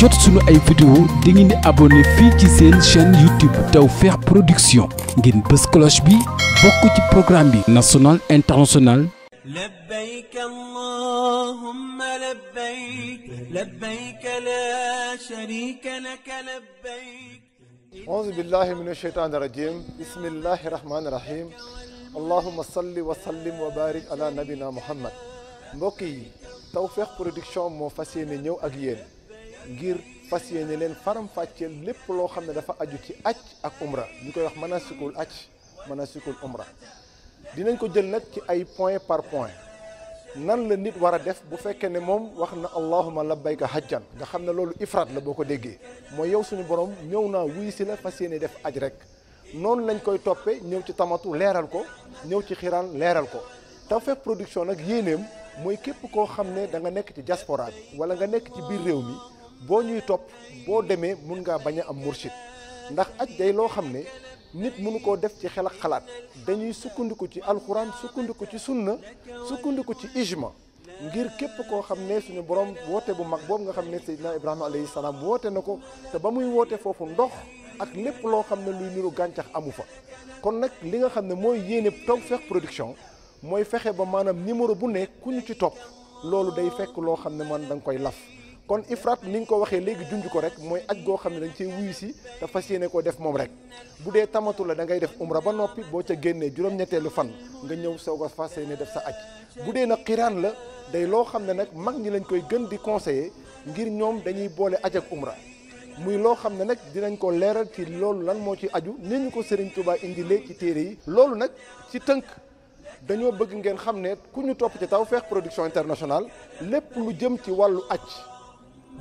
jot suñu ay vidéo da ngeen di abonné fii ci seen chaîne YouTube Tawfekh Production ngeen bës cloche bi bokk ci programme bi national international labbayk allahumma labbayk labbayk la sharika lak labbayk أعوذ بالله من الشيطان الرجيم بسم الله الرحمن الرحيم اللهم صل وسلم وبارك على نبينا محمد mbokk yi Tawfekh Production moo fas yéene ñëw ak yéen ngir fas yéene leen faram fàcceel lépp loo xam ne dafa aju ci aj ak umra ñu koy wax manasikul aj manasikul umra dinañ ko jël nag ci ay point par point nan la nit war a def bu fekkee ne moom wax na allahuma labbayka hajjan nga xam ne loolu ifraat la boo ko déggee mooy yow suñu borom ñëw naa wuy si la fas yéene def aj rek noonu lañ koy toppee ñëw ci tamatu leeral ko ñëw ci xiraan leeral ko Tawfekh Production nag yéeneem mooy képp koo xam ne da nga nekk ci diaspora wala nga nekk ci biir réew mi boo ñuy topp boo demee mun ngaa bañ a am mursid ndax aj day loo xam ne nit mënu koo def ci xel ak xalaat dañuy sukkandiku ci alxuraan sukkandiku ci sunna sukkandiku ci ijma ngir képp koo xam ne suñu borom woote bu mag boobu nga xam ne Seydina Ibrahima alayhi salaam woote na ko te ba muy woote foofu ndox ak lépp loo xam ne luy nuru gàncax amu fa kon nag li nga xam ne mooy yéene Tawfekh Production mooy fexe ba maanaam numéro bu ne ku ñu ci topp loolu day fekk loo xam ne man da koy laf kon ifraat ni nga ko waxee léegi junj ko rek mooy aj goo xam ne da nga cee wuyu si te yéene koo def moom rek bu dee tamatu la da def umra ba noppi boo ca génnee juróom-ñetteelu fan nga ñëw soog a fas yéene def sa aj bu dee nag kiiraan la day loo xam ne nag mag ñi lañ koy gën di conseiller ngir ñoom dañuy boole aj ak umra muy loo xam ne nag dinañ ko leeral ci loolu lan moo ci aju ni ñu ko Serigne Touba indilee ci téere yi. loolu nag ci tënk dañoo bëgg ngeen xam ne ku ñu topp ci Tawfekh Production Internationale lépp lu jëm ci wàllu aj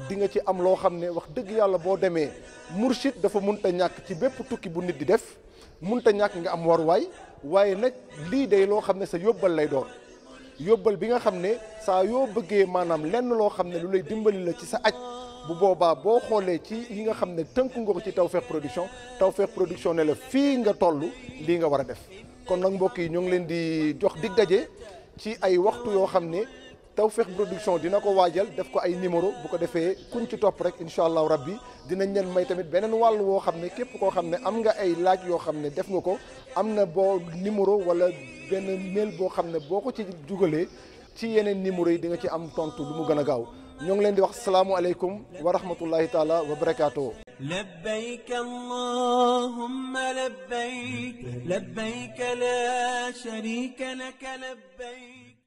di nga ci am loo xam ne wax dëgg yàlla boo demee mursid dafa munta ñàkk ci bépp tukki bu nit di def munta ñàkk nga am waruwaay waaye nag lii day loo xam ne sa yóbbal lay doon yóbbal bi nga xam ne saa yoo bëggee maanaam lenn loo xam ne lu lay dimbali la ci sa aj bu boobaa boo xoolee ci yi nga xam ne tënku nga ko ci Tawfekh Production Tawfekh Production ne la fii nga toll lii nga war a def kon nag mbokk yi ñoo ngi leen di jox di daje ci ay waxtu yoo xam ne Tawfekh production dina ko waajal def ko ay numéro bu ko defee kuñ ci topp rek incha allahu rabbi dinañ leen may tamit beneen wàll woo xam ne képp koo xam ne am nga ay laaj yoo xam ne def nga ko am na boo numéro wala benn mail boo xam ne boo ko ci jugalee ci yeneen numéro yi di nga ci am tontu lu mu gën a gaaw ñoo ngi leen di wax salaamualeykum wa rahmatullahi taala wa barakaatu. لبيك اللهم لبيك لبيك لا شريك لك لبيك